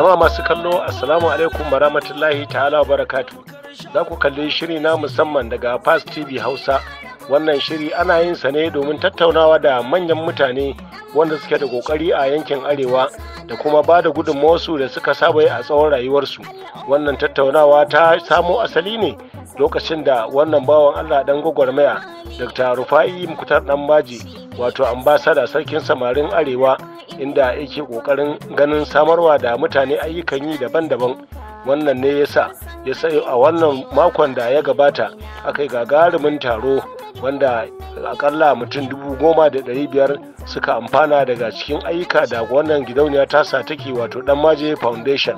Jama'a masu kallo Assalamu alaikum warahmatullahi ta'ala wa barakatu. Za ku kalli shiri na musamman daga Fast TV Hausa. Wannan shiri ana yin sa ne domin tattaunawa da manyan mutane wanda suke da kokari a yankin Arewa da kuma ba da su da suka saba yi a tsawon rayuwarsu. Wannan tattaunawa ta samo asali ne lokacin da wannan bawan allah dan gwagwarmaya dr rufa'i muktar dan maji wato ambasada sarkin samarin arewa inda yake kokarin ganin samarwa da mutane ayyukan yi daban-daban wannan ne yasa ya sayo a wannan makon da ya gabata aka gagarumin taro wanda akalla mutum dubu goma da ɗari biyar suka amfana daga cikin ayyuka da wannan gidauniya tasa take wato dan maje foundation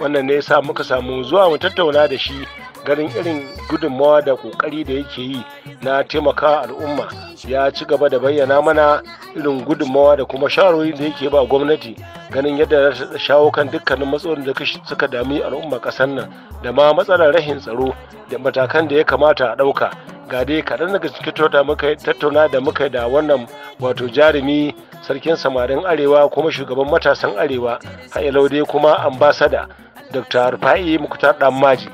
wannan ne yasa muka samu zuwa mu tattauna da shi ganin irin gudunmawa da kokari da yake yi na taimaka al'umma ya ci gaba da bayyana mana irin gudunmawa da kuma shawarwari da yake ba gwamnati ganin yadda shawo kan dukkanin matsalolin da suka dami al'umma kasar nan da ma matsalar rahin tsaro da matakan da ya kamata a ɗauka ga dai kaɗan daga cikin tattauna da muka da wannan wato jarumi sarkin samarin arewa kuma shugaban matasan arewa ha'ilau dai kuma ambasada dr fa'i muktar ɗan maji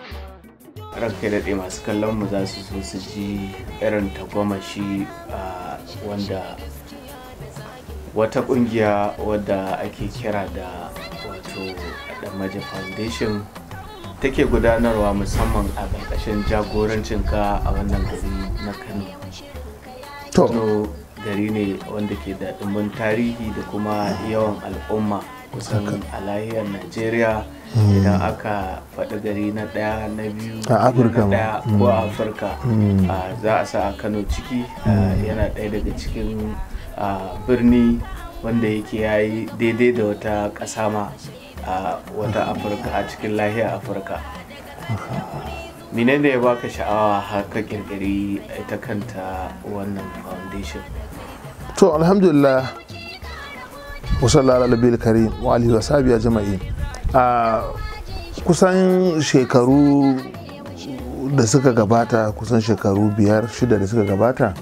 ranka daɗe masu kallon mu za su so su ji irin tagomashi ah, wanda wata ƙungiya wadda ake kira da wato damaji foundation take gudanarwa musamman a ƙarƙashin jagorancin ka a wannan gari na kano to gari ne wanda ke da ɗumbin tarihi da kuma yawan al'umma kusan a lahiyar najeriya hmm. idan aka faɗi gari na ɗaya na biyu a afirka ko hmm. a afirka hmm. za a sa a kano ciki yana ɗaya daga cikin birni wanda yake yayi daidai da wata ƙasa ma a wata afirka a cikin lahiyar afirka menene ya baka sha'awa haka kirkiri ita kanta wannan foundation to alhamdulillah wasallu ala karim wa alihi wa sabiya jama'i a kusan shekaru da suka gabata kusan shekaru biyar shida da suka gabata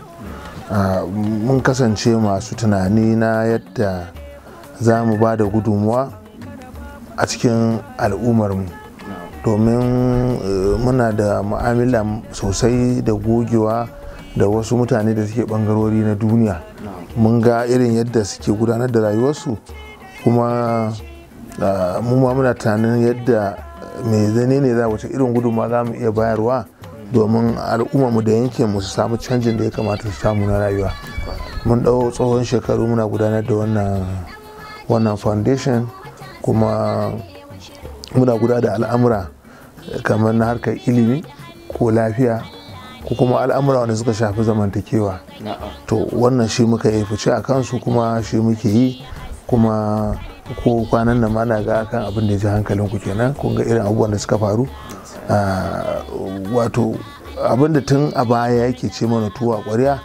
mun kasance masu tunani na yadda za mu ba da gudunmuwa a cikin al'ummarmu domin eh, muna da mu'amala sosai da gogewa da wasu mutane da suke bangarori na duniya mun ga irin yadda suke gudanar da rayuwarsu kuma mu ma muna tunanin yadda mai zane ne za wace irin gudunma za mu iya bayarwa domin mu da yankin mu su samu canjin da ya kamata su samu na rayuwa mun ɗau tsohon shekaru muna gudanar da wannan foundation kuma muna gudanar da al'amura kamar na harkar ilimi ko lafiya ko kuma al'amura wanda suka shafi zamantakewa to wannan shi muka yi fice a kansu kuma shi muke yi kuma ko kwanan nan mana ga akan abin da ya ji hankalin ku kenan kun ga irin abubuwan da suka faru ah, wato abin da tun a baya yake ce mana tuwa kwarya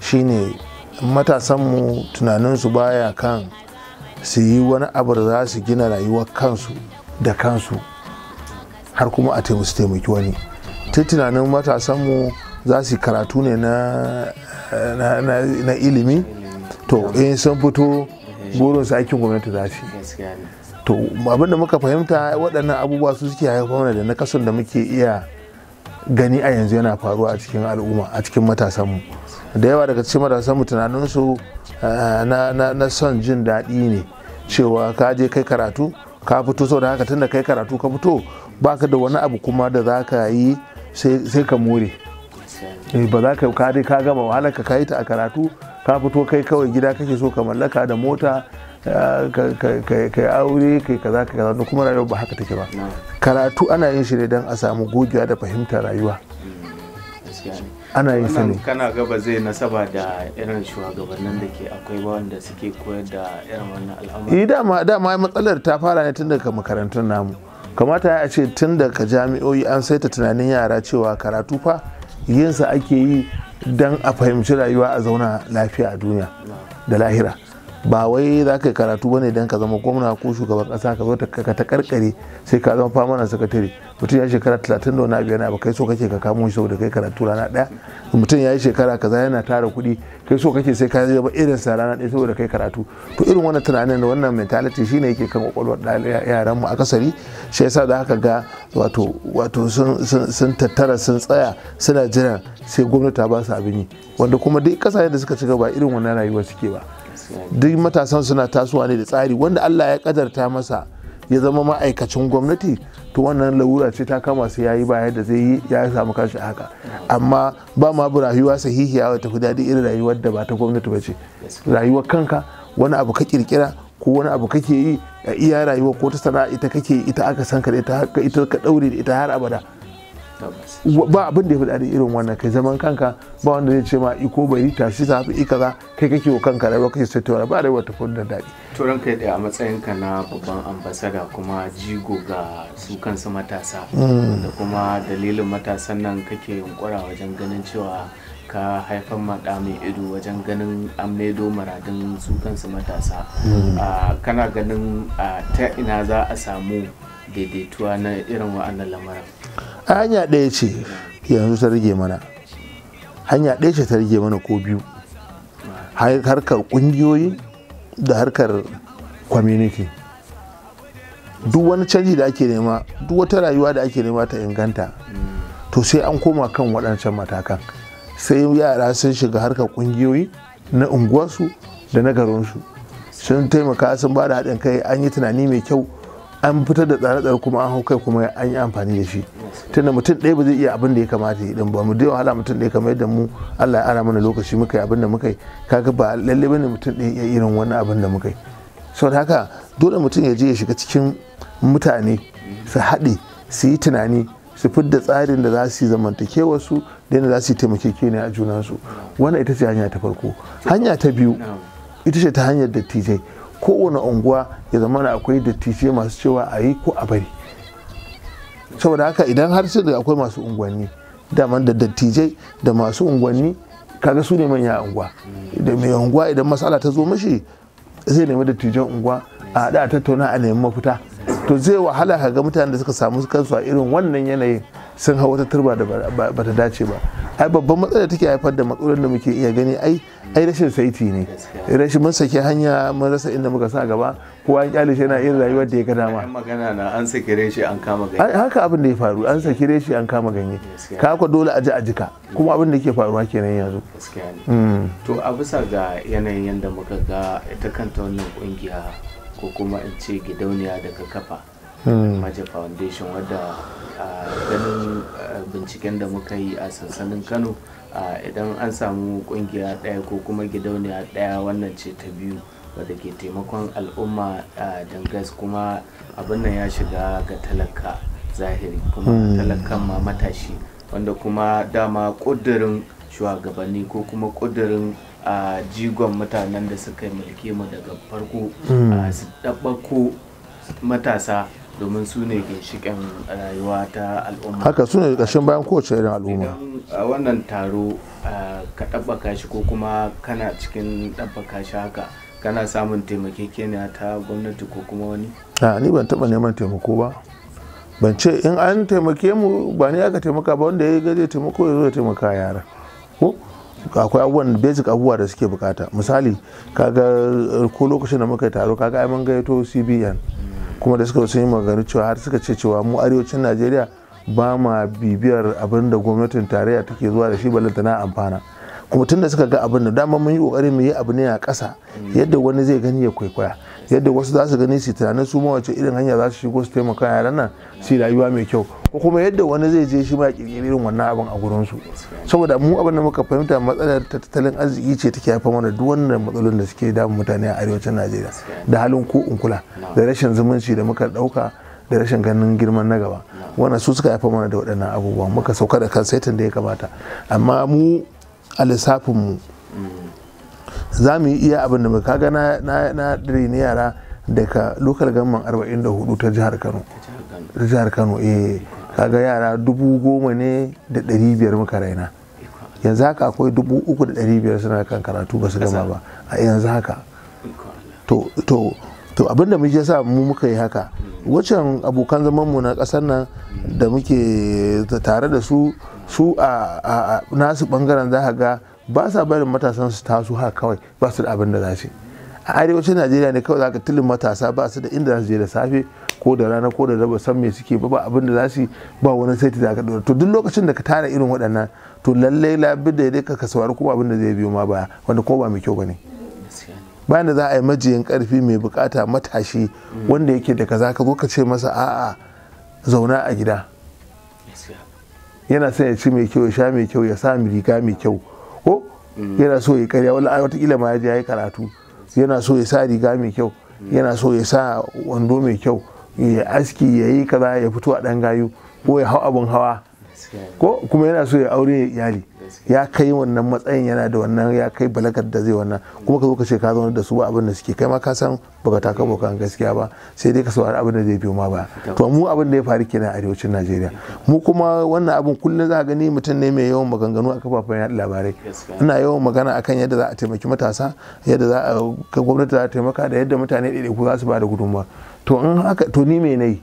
shine matasanmu tunaninsu baya kan su yi wani abu da za su gina rayuwar kansu da kansu har kuma a taimaki wani. ta tunanin matasanmu za su karatu ne na ilimi to in sun fito burinsu aikin gwamnati za su to abinda muka fahimta waɗannan abubuwa su suke haifar da na kasan da muke iya gani a yanzu yana faruwa a cikin al'umma a cikin matasanmu da yawa daga cikin matasanmu tunaninsu eh, na son jin daɗi ne cewa ka je kai karatu ka fito sau da haka tunda kai karatu ka fito baka da wani abu kuma da za ka yi sai ka more eh, ba za ka kare ka gama wahala ka kayi ta a karatu ka fito kai kawai gida kake so ka mallaka da mota eh, ka aure kai kaza ka kaza kuma rayuwa ba haka take ba karatu ana yin shi ne don a samu gogewa da fahimtar rayuwa ana yin sani kana gaba zai nasaba da irin shugabannin da ke akwai ba wanda suke koyar da irin wannan al'amari eh, dama dama matsalar ta fara ne tun daga makarantun namu kamata ya ce tun daga jami'o'i an saita tunanin yara cewa karatu fa yinsa ake yi don a fahimci rayuwa a zauna lafiya a duniya da lahira ba wai za ka yi karatu ba ne don ka zama gwamna ko shugaban kasa ka zo ka ta karkare sai ka zama famanan sakatare mutum ya shekara talatin da wani abu yana kai so kake ka kamo shi saboda kai karatu rana ɗaya mutum ya yi shekara kaza yana tara kuɗi kai so kake sai ka zama irin sa rana ɗaya saboda kai karatu to irin wannan tunanin da wannan mentality shine yake kan kwakwalwar yaran mu akasari shi yasa da haka ga wato sun tattara sun tsaya suna jiran sai gwamnati ta ba su abin yi wanda kuma duk kasashen da suka ci gaba irin wannan rayuwa suke ba duk matasan suna tasowa ne da tsari wanda Allah ya kadarta masa ya zama ma'aikacin gwamnati to wannan larura ce ta kama su yayi ba da zai yi ya samu kashi haka amma ba ma bu rayuwa sahihiya wata tafi daɗi irin rayuwar da ba ta gwamnati ba ce rayuwar kanka wani abu ka kirkira ko wani abu kake yi a iya rayuwa ko ta sana'a ita kake ita aka san ka ita ka daure da ita har abada ba abin da ya fi daɗi irin wannan kai zaman kanka ba wanda zai ce ma iko bai yi tashi sa ika ikaza kai kake wa kanka rayuwa kake saitowa ba rayuwa ta da daɗi turan kai da a ka na babban ambasada kuma jigo ga su kansu matasa mm. da kuma dalilin matasan nan kake yunkura wajen ganin cewa ka haifar maɗa mai ido wajen ganin amnedo maradin su kansu matasa mm. ah, kana ganin ah, ta ina za a samu daidaituwa na irin wa'annan lamarin a hanya ɗaya ce yanzu ta rage mana hanya ɗaya ce ta rage mana ko biyu harkar ƙungiyoyi da harkar community duk wani canji da ake nema duk wata rayuwa da ake nema ta inganta to sai an koma kan waɗancan matakan sai yara sun shiga harkar ƙungiyoyi na unguwarsu da na garinsu sun taimaka sun ba da haɗin kai an yi tunani mai kyau an fitar da tsare-tsare kuma an hau kai kuma an yi amfani da shi tunda mutum ɗaya ba zai iya abin da ya kamata ya ba mu da wahala mutum ɗaya kamar yadda mu Allah ya ara mana lokaci muka yi abin da muka yi kaga ba lalle bane mutum ɗaya ya irin wani abin da muka yi saboda haka dole mutum ya je ya shiga cikin mutane su haɗe su yi tunani su fidda tsarin da za su yi su da yadda za su yi ne a junansu wannan ita ce hanya ta farko hanya ta biyu ita ce ta hanyar dattijai kowane unguwa ya zama na akwai dattijai masu cewa a yi ko a bari saboda haka idan har sai da akwai masu unguwanni daman da dattijai da masu unguwanni kaga su ne manya unguwa da mai unguwa idan matsala ta zo mashi zai nemi dattijan unguwa a haɗa a tattauna a nemi mafita to zai wahala ka ga mutanen da suka samu kansu a irin wannan yanayin sun hau wata turba da ba ta dace ba ai babban matsala take haifar da matsalolin da muke iya gani ai ai rashin saiti ne rashin mun saki hanya mun rasa inda muka sa gaba kowa ya kyale shi yana irin rayuwar da ya ga dama magana na an saki reshi an kama ganye haka abin da ya faru an saki reshi an kama ganye ka dole a ji a jika kuma abin da ke faruwa kenan yanzu mm. to a bisa ga yanayin yadda muka ga ita kanta wannan kungiya ko kuma in ce gidauniya daga kafa mm. Maje Foundation wadda ah, ganin ah, binciken da muka yi a sansanin Kano idan an samu kungiya ɗaya ko kuma gidauniya ɗaya wannan ce ta biyu wadda ke taimakon al'umma dangas kuma abin ya shiga ga talaka zahiri kuma hmm. talakan ma matashi wanda kuma dama ƙudurin shugabanni ko kuma ƙudurin a jigon mutanen da suka yi mulki mu daga farko hmm. su matasa domin su ne rayuwa ta al'umma haka su ne ƙashin bayan kowace irin al'umma a wannan taro ka ɗabbaka shi ko kuma kana cikin ɗabbaka shi haka kana samun taimakekeniya ta gwamnati ko kuma wani ni ban taɓa neman taimako ba ban ce in an taimake mu ba ni aka taimaka ba wanda ya gaje taimako ya zo ya taimaka yara ko akwai abubuwan basic abubuwa da suke bukata misali kaga ko lokacin da muka yi taro kaga ai mun gayyato cbn kuma da suka sun yi maganganu cewa har suka ce cewa mu arewacin najeriya ba ma bibiyar abin da gwamnatin tarayya take zuwa da shi balanta na amfana kuma tun da suka ga abin da dama mun yi kokari mu yi abu ne a ƙasa yadda wani zai gani ya kwaikwaya yadda wasu za su gani su tunanin su mawace wace irin hanya za su shigo su taimaka yaran nan su rayuwa mai kyau ko kuma yadda wani zai je shi ma ya kirkiri irin wannan abin a gurin su saboda mu abin da muka fahimta matsalar tattalin arziki ce take haifar mana duk wannan matsalolin da suke damun mutane a arewacin Najeriya da halin ko in kula da rashin zumunci da muka dauka da rashin ganin girman na gaba wannan su suka haifar mana da waɗannan abubuwa muka sauka da kan saitin da ya kamata amma mu a lissafin mu za mu yi iya abin da muka kaga na na na yara daga lokal gamman 44 ta jihar Kano ta jihar Kano eh kaga yara dubu goma ne da ɗari biyar muka raina yanzu haka akwai dubu uku da ɗari biyar suna kan karatu ba su gama ba a yanzu haka to to abinda mu ya sa mu muka yi haka wacan abokan zaman mu na ƙasar nan da muke tare da su su a nasu bangaren za ga ba sa barin matasan su taso haka kawai ba su da abin da za su a arewacin najeriya ne kawai za ka tilin matasa ba su da inda za su je da safe ko da rana ko da raba san me suke ba ba abin da za su ba wani sai ta ka dora to duk lokacin da ka tara irin waɗannan to lallai labi da dai ka ka ko kuma abin da zai biyo ma baya wanda ko ba mai kyau bane bayan da za a yi majiyin karfi mai bukata matashi mm. wanda yake da kaza ka zo ka ce masa a'a zauna a gida yana son ya ci mai kyau ya sha mai kyau ya sa riga mai kyau ko mm. yana so ya karya wala wataƙila ma ya je ya yi karatu yana so ya sa riga mai kyau mm. yana so ya sa wando mai kyau ya aski ya yi kaza ya fito a ɗan gayu ko ya hau abun hawa ko kuma yana so ya aure ya iyali ya kai wannan matsayin yana da wannan ya kai balagar da zai wannan kuma ka zo ka ce ka zauna da su ba abin da suke kai ma ka san baka taka bokan gaskiya ba sai dai ka saurari abin da zai biyo ma ba to mu abin da ya faru kenan a arewacin Najeriya mu kuma wannan abin kullum za gani mutum ne mai yawan maganganu a kafafen yaɗa labarai ina yawan magana akan yadda za a taimaki matasa yadda za a gwamnati za ta taimaka da yadda mutane ɗaiɗaiku za su ba da gudunmawa to in haka to ni me nayi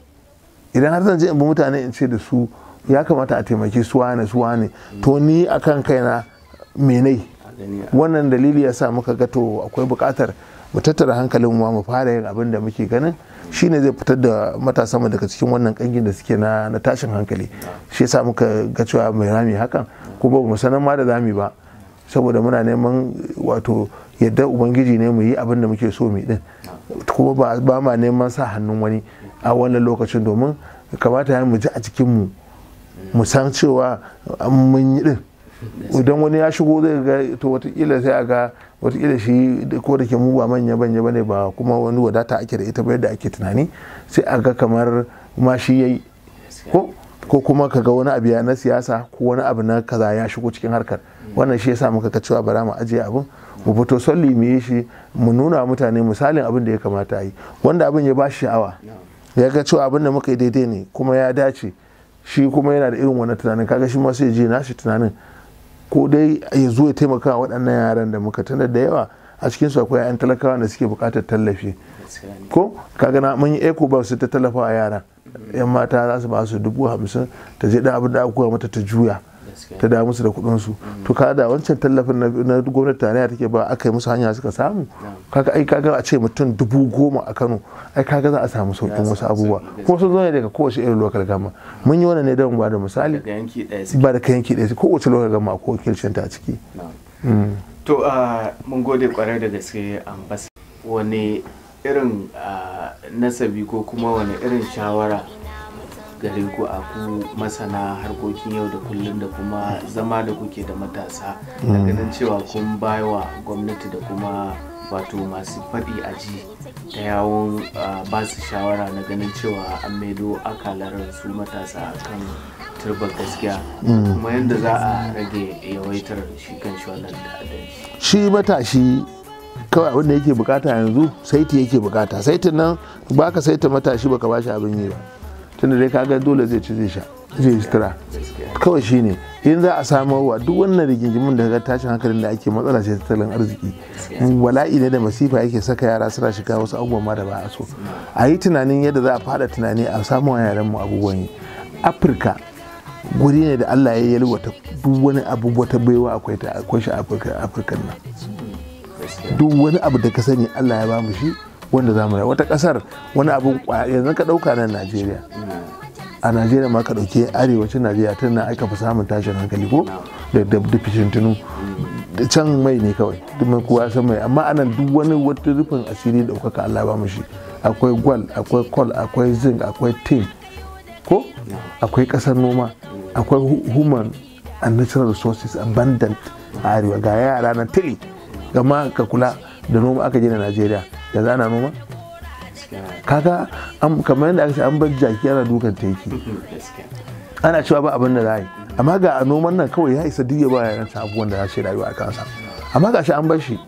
idan har zan je in bi mutane in ce da su ya kamata a taimaki su wane su wane to ni akan kaina menai wannan dalili ya sa muka gato akwai bukatar mu tattara hankalin mu mu fara yin abin da muke ganin shi ne zai fitar da matasa mu daga cikin wannan kangin da suke na na tashin hankali shi yasa muka ga cewa mai rami hakan kuma ba mu sanar ma da zami ba saboda muna neman wato yadda ubangiji ne mu yi abin da muke so mu din kuma ba ma neman sa hannun wani a wannan lokacin domin kamata ya mu ji a cikin mu mu san cewa mun yi din idan wani ya shigo zai ga to watakila sai a ga watakila shi ko da ke mu ba manya banya bane ba kuma wani wadata ake da ita ba yadda ake tunani sai a ga kamar ma shi yayi ko ko kuma ka ga wani abu ya na siyasa ko wani abu na kaza ya shigo cikin harkar wannan shi yasa muka ga cewa bara mu ajiye abin mu fito salli mu yi shi mu nuna mutane misalin abin da ya kamata a yi wanda abin ya ba shi sha'awa ya ga cewa abin da muka yi daidai ne kuma ya dace shi kuma yana da irin wani tunanin kaga shi ma sai je nashi tunanin ko dai ya zo ya taimaka waɗannan yaran da muka tana da yawa a cikin su akwai 'yan talakawa da suke buƙatar tallafi ko kaga na mun yi eco ba su ta tallafa a yara yan mata za su ba su dubu hamsin ta je da abin da aka koya mata ta juya ta da musu da kudin su to ka da wancan tallafin na gwamnati tarayya take ba aka yi musu hanya suka samu kaga ai kaga a ce mutum dubu goma a Kano ai kaga za a samu sauƙin wasu abubuwa kuma sun zo ne daga kowace irin local gama mun yi wannan ne don ba da misali ba da kayanki ɗaya wace local gama a kowace ta a ciki mm. to ah, mun gode kwarai da gaske ambas wani irin ah, nasabi ko kuma wani irin shawara gare ku a ku masana harkokin yau da kullum da kuma zama da kuke da matasa da ganin cewa kun baiwa gwamnati da kuma wato masu faɗi a ji ta yawon ba su shawara na ganin cewa an maido akalar su matasa kan turbar gaskiya mm. kuma yadda za a rage yawaitar shi kan shi wannan shi matashi kawai abin da yake bukata yanzu saiti yake bukata saitin nan baka saita matashi baka bashi abin yi ba tunda dai kaga dole zai ci zai sha zai sutura kawai shine in za a samo wa duk wannan rigingimin da ga tashin hankalin da ake matsala sai tattalin arziki wala'i ne da masifa yake saka yara suna shiga wasu abubuwan ma da ba a so a yi tunanin yadda za a fada tunani a samu wa yaran mu abubuwan yi afirka guri ne da allah ya wata duk wani abu wata baiwa akwai ta akwai shi afirka nan duk wani abu da ka sani allah ya ba mu shi wanda za mu wata kasar wani abin yanzu ka ɗauka nan najeriya a najeriya ma ka dauke arewacin najeriya tun na aka fi samun tashin hankali ko da da can mai ne kawai duk mai kowa san mai amma anan duk wani wata rufin asiri daukaka allah ba mu akwai gwal akwai kol akwai zing, akwai tin ko akwai ƙasar noma akwai human and natural resources abundant a arewa ga yara na tili gama ka kula da noma aka gina najeriya zana ana noma kaga kamar yadda aka ce an bar jaki ana dukan teki ana cewa ba abin da za a yi amma ga a noman nan kawai ya isa duk ya ba yaran ta abubuwan da za su rayuwa a kansa amma ga shi an bar shi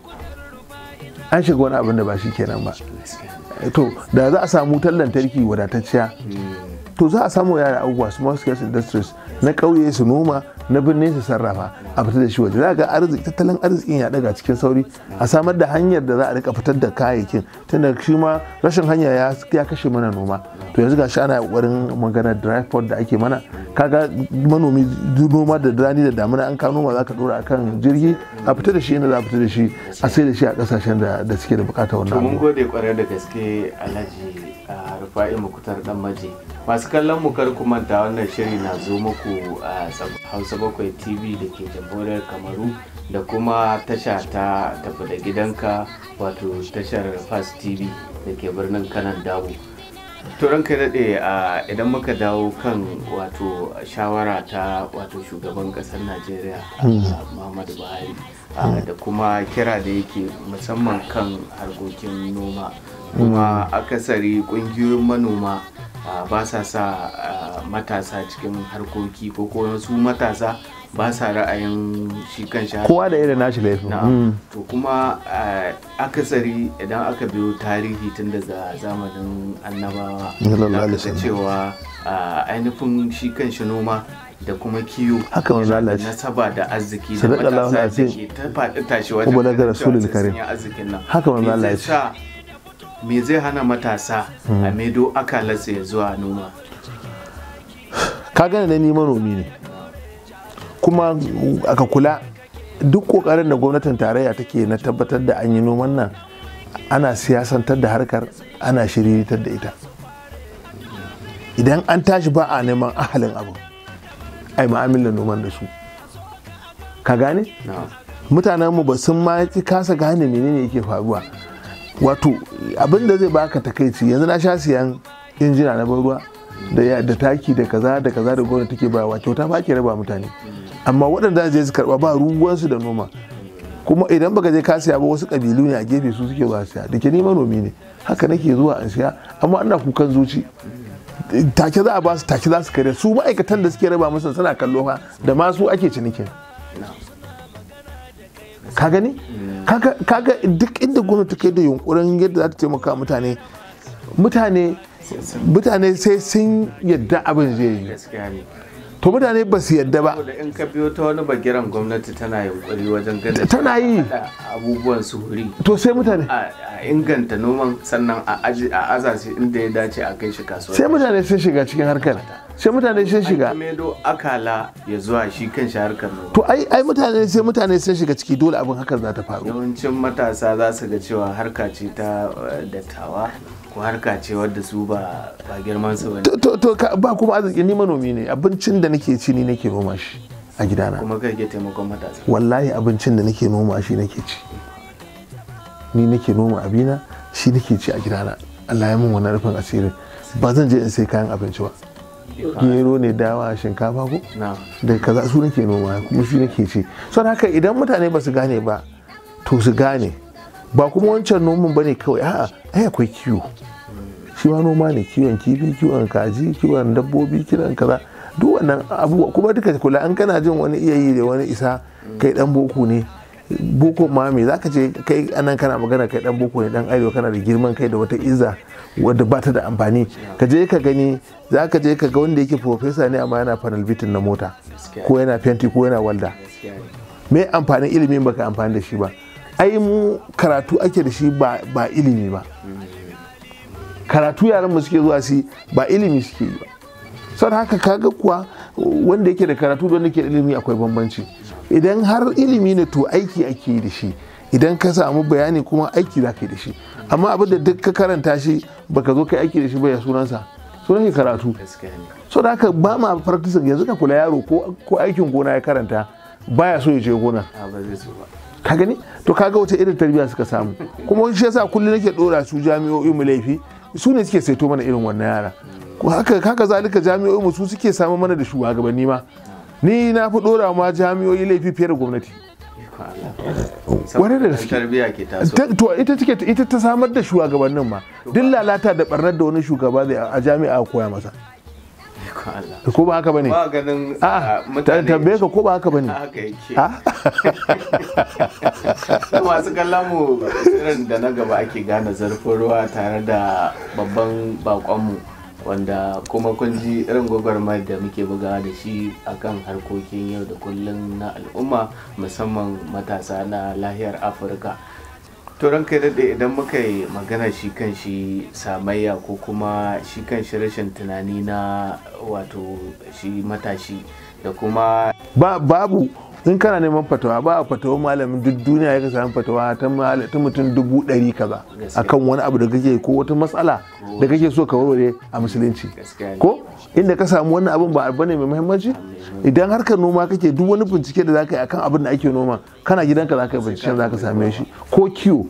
an shiga wani abin da ba shi kenan ba to da za a samu tallan tarki wadatacciya to za a samu yara abubuwa small scale industries na ƙauye su noma na birni su sarrafa a fitar da shi waje za ga arziki tattalin arzikin ya daga cikin sauri a samar da hanyar da za a rika fitar da kayayyakin tunda shi ma rashin hanya ya kashe mana noma to yanzu gashi ana kokarin magana drive port da ake mana kaga manomi noma da rani da damina an ka noma za ka dora kan jirgi a fita da shi inda za a fitar da shi a sai da shi a kasashen da suke da bukatar wannan to mun gode kwarai da gaske alhaji ah, rufa'i mukutar dan maji masu kallon mukar kar ku manta wannan shiri na zo muku a hausa bakwai tv da ke jamhuriyar kamaru da kuma tasha ta tafi da gidanka wato tashar fast tv da ke birnin kanan dawo turan kai daɗe idan muka dawo kan wato shawara ta wato shugaban ƙasar najeriya mm. muhammadu buhari mm. da kuma kira da yake musamman kan harkokin noma kuma mm. akasari ƙungiyoyin manoma ba sa sa matasa cikin harkoki ko ko su matasa ba sa ra'ayin shi kan shi kowa da irin nashi laifin hmm. to kuma akasari idan aka biyo tarihi tun daga zamanin annabawa da cewa ainihin shi kan shi noma da kuma kiyo haka wani lalace na saba da arziki da matasa da ke ta faɗi tashi wajen kuma daga rasulul karim haka wani lalace me zai hana matasa a medo hmm. akalarsa ya zuwa noma ka gane ni manomi ne kuma aka kula duk kokarin da gwamnatin tarayya take na tabbatar da an yi noman nan ana siyasantar da harkar ana shiriritar da ita idan an tashi ba a neman ahalin abu ai ma'amilin noman da su ka gane mutanenmu ba sun ma kasa gane menene yake faruwa wato abin da zai baka takaici yanzu na sha siyan injina na ruwa da da taki da kaza da kaza da gwamnati take ba kyauta ba ke raba mutane amma waɗanda zai su karba ba ruwansu da noma kuma idan baka je ka siya ba wasu kabilu ne a gefe su suke zuwa siya da ke ni manomi ne haka nake zuwa an siya amma ana kukan zuci take za a ba su take za su kare su ma'aikatan da suke raba musu suna kallo fa da ma su ake cinikin ka gani kaga duk inda gwamnati ke da yunkurin yadda za ta taimaka mutane mutane mutane sai sun yadda abin zai yi to mutane ba su yadda ba in ka biyo ta wani bagiran gwamnati tana yunkuri wajen ganin tana yi abubuwan su huri to sai mutane a inganta noman sannan a azasi inda ya dace a kai shi kasuwa sai mutane sai shiga cikin harkar sai mutane sun shiga akala ya zuwa shi kan harkar nan to ai ai mutane sai mutane sun shiga ciki dole abin hakan za ta faru yawancin matasa za su ga cewa harka ce ta eh, dattawa ko harka ce wadda su ba ba girman su bane to to ba kuma arziki ni manomi ne abincin da nake ci ni nake noma shi a gidana kuma kai ke taimakon matasa wallahi abincin da nake noma shi nake ci ni nake noma abina shi nake ci a gidana Allah ya mun wannan rufin asirin ba zan je in sai kayan abinci ba gero ne dawa shinkafa ko da kaza su nake noma kuma shi nake ce son haka idan mutane ba su gane ba to su gane ba kuma wancan noman bane kawai a'a ai akwai kiwo shi ma noma ne kiwon kifi kiwon kaji kiwon dabbobi kiran kaza duk wannan abubuwa kuma duka kula an kana jin wani iyayi da wani isa kai dan boko ne boko ma me zaka ce kai anan kana magana kai dan boko ne dan arewa kana da girman kai da wata iza wadda ba ta da amfani ka je ka gani zaka je ka ga wanda yake profesa ne amma yana panel beating na mota ko yana fenti ko yana walda me amfanin ba baka amfani da shi ba ai mu karatu ake da shi ba ilimi ba karatu yaran mu suke zuwa su ba ilimi suke ba sau haka kaga kuwa wanda yake da karatu da wanda yake da ilimi akwai bambanci idan har ilimi ne to aiki ake yi da shi idan ka samu bayani kuma aiki za ka yi da shi amma abin da duk ka karanta shi baka zo kai aiki da shi ba ya sunansa sunan shi karatu so da haka ba ma practicing yanzu ka kula yaro ko aikin gona ya karanta baya so ya je gona ka gani to kaga wata irin tarbiyya suka samu kuma shi yasa kullum nake dora su jami'o'i mu laifi su ne suke saito mana irin wannan yara ko haka kaga zalika jami'o'i mu su suke samu mana da shugabanni ma ni na fi dora ma jami'o'i laifi fiye da gwamnati wani da to ita take ita ta samar da shugabannin ma duk lalata da barnar da wani shugaba a jami'a koya masa ko ba haka bane ah, a tambaye ka ko ba haka bane ah. masu kallon mu da na gaba ake gane zarfin ruwa tare da babban bakonmu wanda kuma kun ji irin gwagwarmayar da muke bugawa da shi akan harkokin yau da kullum na al'umma musamman matasa na lahiyar afirka turan kai daɗe idan muka yi magana shi kan shi samayya ko kuma shi kan shi rashin tunani na wato shi matashi da kuma babu in kana neman fatawa ba a fatawa malamin duk duniya ya samu fatawa ta mutum dubu ɗari kaza akan wani abu da kake ko wata matsala da kake so ka warware a musulunci ko inda ka samu wannan abin ba abu ne mai muhimmanci idan harkar noma kake duk wani bincike da zaka yi akan abin da ake noma kana gidanka zaka yi binciken zaka same shi ko kiwo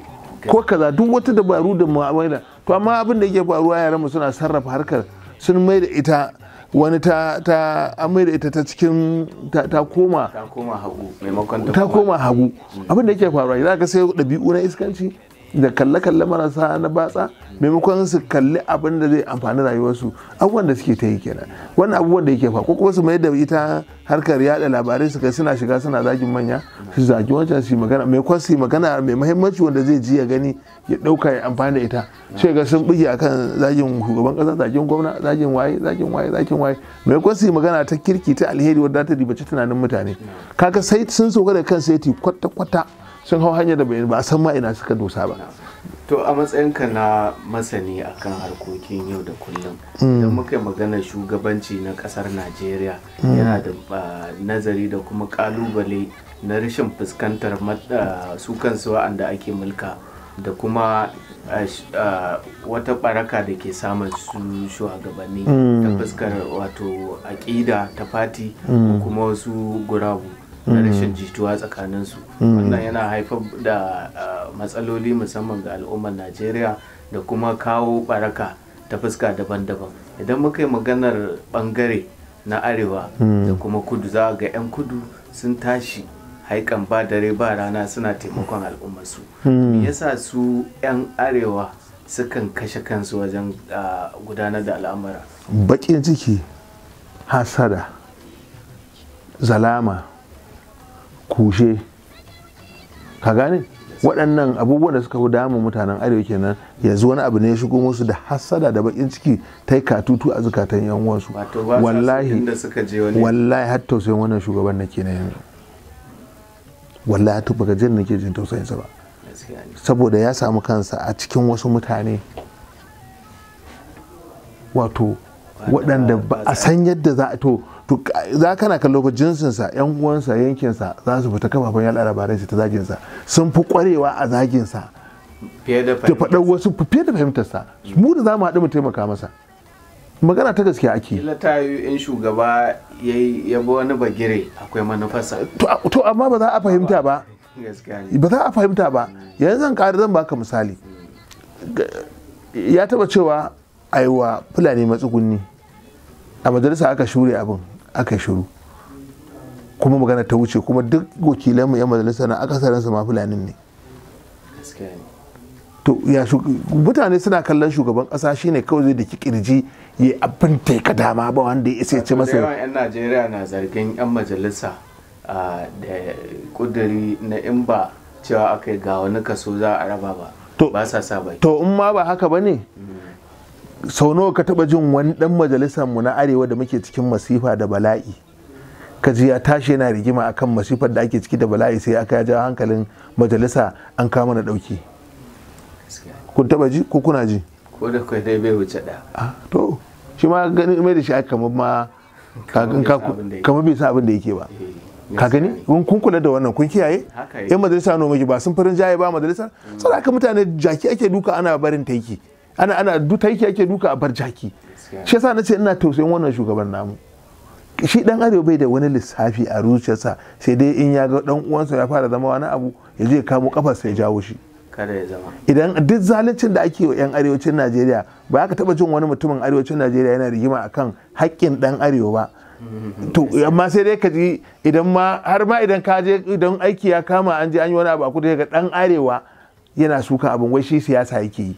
ko kaza duk wata dabaru da mu'amala to amma abin da yake faruwa yaran mu suna sarrafa harkar sun mai da ita wani ta ta amai da ita ta cikin ta koma ta koma hagu ta koma hagu hmm. abin da yake faruwa za ka sai ɗabi'u na iskanci da kalle-kalle marasa na batsa maimakon su kalli abin da zai amfani rayuwarsu abubuwan da suke ta yi kenan wannan abubuwan da yake fa ko kuma su mai da ita harkar yada labarai su kai suna shiga suna zagin manya su zagi wancan su magana maimakon su magana mai muhimmanci wanda zai ji ya gani ya dauka ya amfani da ita sai ga sun bugi akan zagin shugaban kasa zagin gwamna zagin waye zagin waye zagin waye maimakon su magana ta kirki ta alheri wadda ta dibaci tunanin mutane Kaka sai sun soka da ya ti kwata-kwata sun hau hanyar da ba a san ma ina suka dosa ba to a matsayinka na masani akan harkokin yau da kullum idan muka yi magana shugabanci na kasar najeriya yana da nazari da kuma kalubale na rashin fuskantar su kansu wa'anda ake mulka da kuma wata baraka da ke samun su shugabanni mm. ta fuskar wato aƙida ta fati mm. kuma wasu gurabu na rashin mm-hmm. jituwa tsakanin su mm-hmm. wannan yana haifar da uh, matsaloli musamman ga al'ummar najeriya da kuma kawo baraka ta fuska daban-daban idan muka yi maganar bangare na arewa mm-hmm. da kuma kudu za ga 'yan kudu sun tashi haikan ba dare ba rana suna taimakon al'ummarsu me yasa su 'yan arewa sukan kashe kansu wajen uh, gudanar da al'amura baƙin ciki hasada zalama kushe ka gane waɗannan abubuwan da suka fi damun mutanen arewa kenan yanzu wani abu ne ya shigo musu da hasada da bakin ciki ta yi katutu a zukatan yan uwansu wallahi wallahi har tausayin wannan shugaban na kenan yanzu wallahi har baka jin nake jin tausayin sa ba saboda ya samu kansa a cikin wasu mutane wato waɗanda ba a san yadda za a to to za kana kallo ko jinsinsa yan uwansa yankinsa za su fita kafafen yada labarai su ta zaginsa sun fi kwarewa a zaginsa fiye da faɗar wasu fiye da fahimtarsa mu da za mu haɗu mu taimaka masa magana ta gaskiya ake kila ta yi in shugaba ya ya bi wani bagire akwai manufarsa to amma ba za a fahimta ba ba za a fahimta ba yanzu zan ƙara zan baka misali ya taba cewa aiwa fulani matsugunni a majalisa aka shure abin aka shiru kuma magana ta wuce kuma duk wakilanmu 'yan majalisa na akasarinsu ma fulanin ne to ya mutane suna kallon shugaban kasa shine kawai zai da ki kirji ya abin taika dama ba wanda ya isa ce masa yawan yan najeriya na zargin yan majalisa da kuduri na in ba cewa aka ga wani kaso za a raba ba ba sa sa bai to in ma ba haka ba ne mm. sau nawa ka taba jin wani dan majalisar mu na arewa da muke cikin masifa da bala'i ka ji ya tashi yana rigima akan masifar da ake ciki da bala'i sai aka ya jawo hankalin majalisa an kama na dauki kun taba ji ko kuna ji ko da kai dai bai wuce da ah, to shi ma gani mai da shi aka kamar ma kamar bai sa abin da yake ba eh, ka gani kun kula da wannan kun kiyaye yan majalisa miki ba sun farin jaye ba majalisa mm. sai aka mutane jaki ake duka ana barin taiki ana ana duta yake ake duka a bar jaki shi yasa na ce ina tausayin wannan shugaban namu shi dan arewa bai da wani lissafi a zuciyarsa sai dai in ya ga dan uwansa ya fara zama wani abu ya je kamo kafarsa ya jawo shi kada ya zama idan duk zaluncin da ake wa yan arewacin Najeriya ba ka taba jin wani mutumin arewacin Najeriya yana rigima akan haƙƙin dan arewa ba to amma sai dai ka ji idan ma har ma idan ka je idan aiki ya kama an je an yi wani abu a kudu ga dan arewa yana suka abin wai shi siyasa yake yi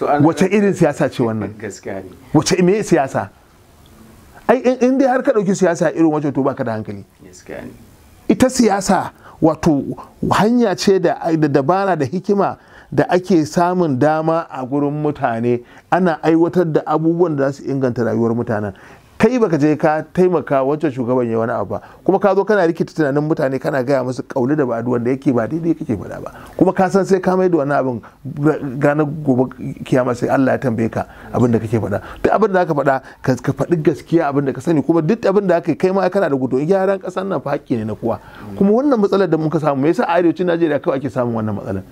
wace irin siyasa ce wannan wace me siyasa ai in dai har ka dauki siyasa irin wace to baka da hankali ita siyasa wato hanya ce da dabara da hikima da ake samun dama a gurin mutane ana aiwatar da abubuwan da za su inganta rayuwar mutanen kai baka je ka taimaka wancan shugaban ya wani abu ba kuma ka zo kana rikita tunanin mutane kana gaya musu kauli da ba'adu wanda yake ba daidai kake faɗa ba kuma ka san sai ka mai wani abin gane gobe kiyama sai Allah ya tambaye ka abin da kake faɗa duk abin da aka faɗa ka faɗi gaskiya abin da ka sani kuma duk abin da aka kai ma kana da gudu gyaran ƙasar nan fa haƙƙi ne na kowa kuma wannan matsalar da muka samu me yasa a arewacin Najeriya kawai ake samun wannan matsalar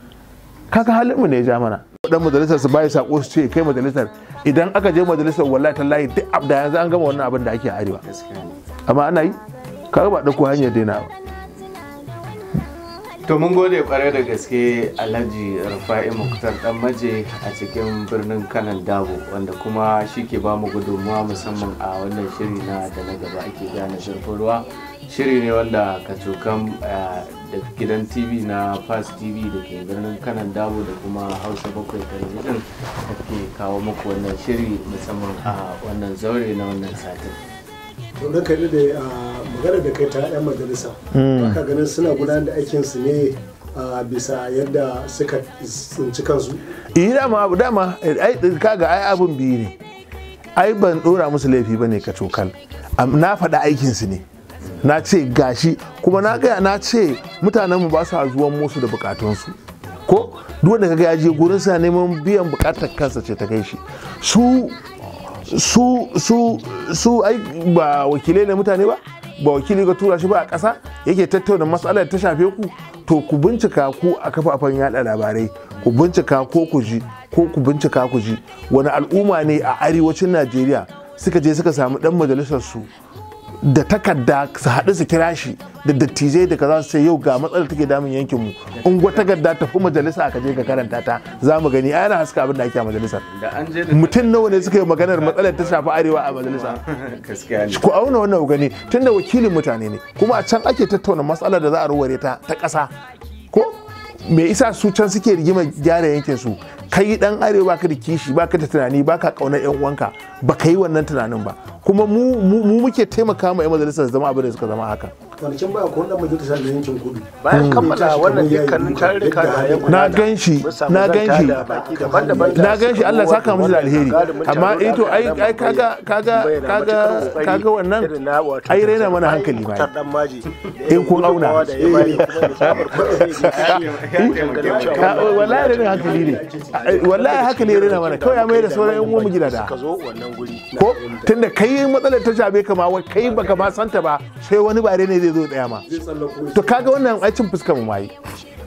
kaga halin mu ne ya ja mana dan majalisar su bai sako su ce kai majalisar idan aka je majalisar wallahi tallahi duk abda yanzu an gama wannan abin da ake arewa amma ana yi kaga ba dauko hanyar daina ba To mun gode kware da gaske Alhaji Rufa'i Muktar dan maje a cikin birnin Kanan Dabo wanda kuma shi ke ba mu gudunmuwa musamman a wannan shiri na da na gaba ake gane zurfin ruwa. shiri ne wanda kacokan eh, da gidan tv na fast tv da ke birnin kanan dabo da kuma hausa bakwai talabijin da ke kawo muku wannan shiri musamman a wannan zaure na wannan satin tunan ka da magana da kai ta 'yan majalisa hmm. baka ganin suna gudanar da aikinsu ne a bisa yadda suka tsinci kansu yi eh, dama dama kaga ai abin biyu ne ai ban dora musu laifi bane ka cokal na faɗa aikinsu ne na ce gashi kuma na gaya na ce mutanenmu ba sa zuwan musu da bukatunsu ko duk wanda kaga ya je gurin sa neman biyan bukatar kansa ce ta kai shi su su su su ai ba wakilai ne mutane ba ba wakili ga tura shi ba a ƙasa yake tattauna matsalar ta shafe ku to ku bincika ku a kafafen yada labarai ku bincika ko ku ji ko ku bincika ku ji wani al'umma ne a arewacin najeriya suka je suka samu dan majalisar su da takarda su haɗu su kira shi da dattijai daga kaza su sai yau ga matsalar take damun yankin mu unguwa takarda tafi majalisa aka je ka karanta ta za mu gani ana haska abin da ake a majalisar mutum nawa ne suka yi maganar matsalar ta shafi arewa a majalisa ku auna wannan gani tunda wakilin mutane ne kuma a can ake tattauna matsalar da za a ruware ta ta ƙasa ko me isa su can suke rigima gyara yankin su kai dan arewa baka da kishi baka da tunani baka kauna yan uwanka baka yi wannan tunanin ba kuma mu muke taimaka ma yan majalisar zama abin da suka zama haka kwanakin baya ko wanda mai ta da yankin kudu bayan kammala wannan dukkanin tarurruka da ya na gan shi na gan shi na gan shi Allah saka musu da alheri amma eh to ai ai kaga kaga kaga kaga wannan ai raina mana hankali ba in kun auna wallahi raina hankali ne wallahi haka ne raina mana kawai ya mai da sauran yan uwan mu gida da ko tunda kai matsalar ta shabe ka ma kai baka ma santa ba sai wani bare ne zai zai zo daya ma to kaga wannan aikin cin fuskar mai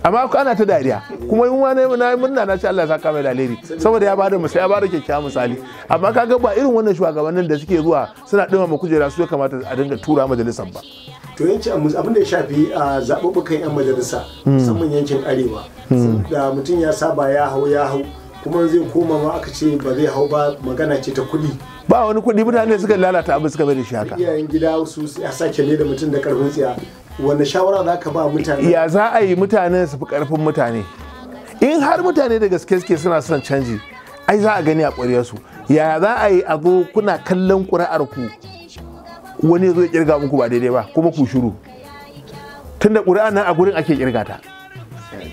amma ku ana ta dariya kuma yin wani na murna na ce Allah ya saka mai alheri saboda ya bada misali ya bada kyakkyawan misali amma kaga ba irin wannan shugabannin da suke zuwa suna dima ma kujera su ya kamata a dinga tura majalisar ba to yanci abin da ya shafi a zaɓuɓɓukan 'yan majalisa hmm. musamman yankin arewa hmm. da mutum ya saba ya hau ya hau kuma zai koma ma aka ce ba zai hau ba magana ce ta kuɗi ba wani kuɗi mutane suka lalata abin suka bari shi haka iyayen gida su a sake ne da mutum da karfin tsiya wanda shawara za ka ba mutane ya za a yi mutane su fi karfin mutane in har mutane da gaske suke suna son canji ai za a gani a ƙwarya su ya za a yi a zo kuna kallon ƙuri'ar ku wani ya zo ya kirga muku ba daidai ba kuma ku shiru tunda ƙuri'a nan a gurin ake kirga ta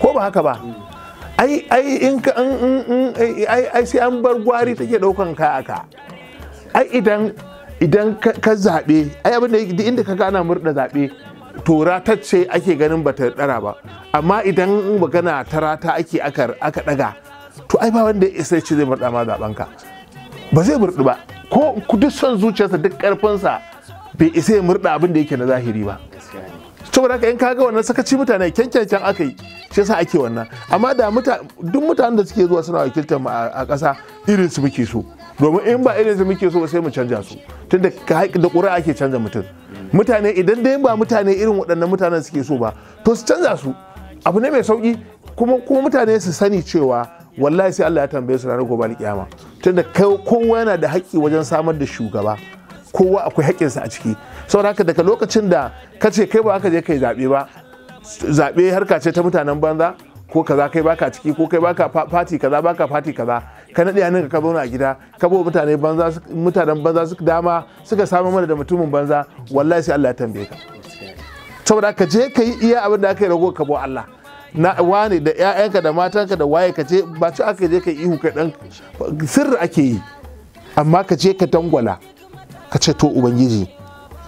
ko ba haka ba ai ai in ka ai sai an bar gwari take ɗaukan ka aka ai idan idan ka zaɓe ai abin da inda ka gana murda zaɓe to ake ganin bata ɗara ba amma idan magana tara ta ake aka ɗaga to ai ba wanda ya ce zai murɗa ma zaɓen ka ba zai murɗu ba ko duk son zuciyarsa duk ƙarfinsa bai isa ya murɗa abin da yake na zahiri ba saboda haka in ga wannan sakaci mutane kyankyankyan aka yi shi yasa ake wannan amma da duk mutanen da suke zuwa suna wakiltar mu a ƙasa irin su muke so domin in ba irin su muke so sai mu canja su tunda da ƙuri'a ake canja mutum mutane idan dai ba mutane irin waɗannan mutanen suke so ba to su canza su abu ne mai sauƙi? kuma kuma mutane su sani cewa wallahi sai Allah ya tambaye su ranar gobe kiyama tunda kowa yana da haƙƙi wajen samar da shugaba kowa akwai haƙƙinsa a ciki saboda haka daga lokacin da ka ce kai ba ka je kai zaɓe ba zaɓe harka ce ta mutanen banza ko kaza kai baka ciki ko kai baka fati kaza baka fati kaza ka naɗe hannunka ka zauna a gida ka bawa mutane banza mutanen banza suka dama suka samu mana da mutumin banza wallahi sai Allah ya tambaye ka saboda ka je ka yi iya abin da aka yi rago ka bo Allah na wani da ƴaƴanka da matanka da waye ka je ba ci aka je ka ihu ka dan sirri ake yi amma ka je ka dangwala ka ce to ubangiji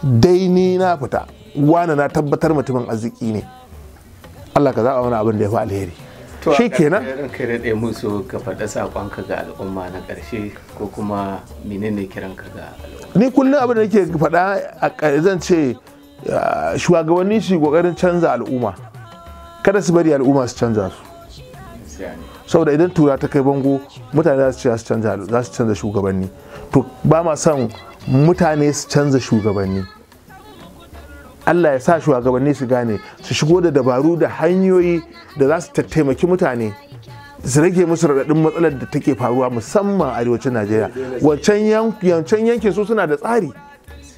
dai ni na fita wani na tabbatar mutumin arziki ne Allah ka zaɓa wani abin da ya fi alheri shi kenan ran kai musu ka faɗa ka ga al'umma na ƙarshe ko kuma menene kiranka ga al'umma ni kullum abin da nake faɗa a zan ce shugabanni su ƙoƙarin canza al'umma kada su bari al'umma su canza su saboda idan tura ta kai bango mutane za su ce za su canza shugabanni to ba ma son mutane su canza shugabanni Allah ya sa shugabanni su gane su shigo da dabaru da hanyoyi da za su taimaki mutane su rage musu raɗaɗin matsalar da take faruwa musamman arewacin Najeriya wancan yankin su suna da tsari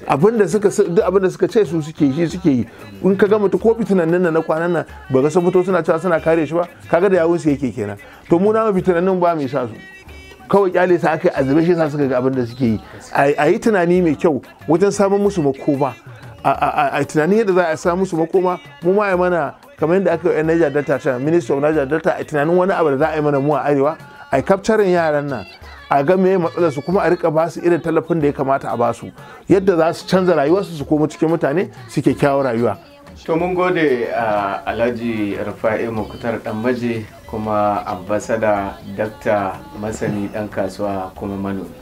da suka duk da suka ce su suke shi suke yi in ka ga mutu ko fitinannin nan na kwanan nan ba ga fito suna cewa suna kare shi ba kaga da yawun su yake kenan to mu na fitinannin ba mu sa su kawai kyale sa aka azube shi sa suka ga abin da suke yi a yi tunani mai kyau wajen samun musu makoma a tunanin yadda za a samu su makoma mu ma yi mana kamar yadda aka yi Niger Delta ta Ministry of Niger Delta a tunanin wani abu da za a yi mana mu a arewa a capturing yaran nan a ga me matsalar su kuma a rika ba su irin tallafin da ya kamata a ba su yadda za su canza rayuwarsu su koma cikin mutane su kyakkyawar rayuwa to mun gode a alhaji rufa'i mukutar dan maje kuma ambasada dakta masani dan kasuwa kuma manomi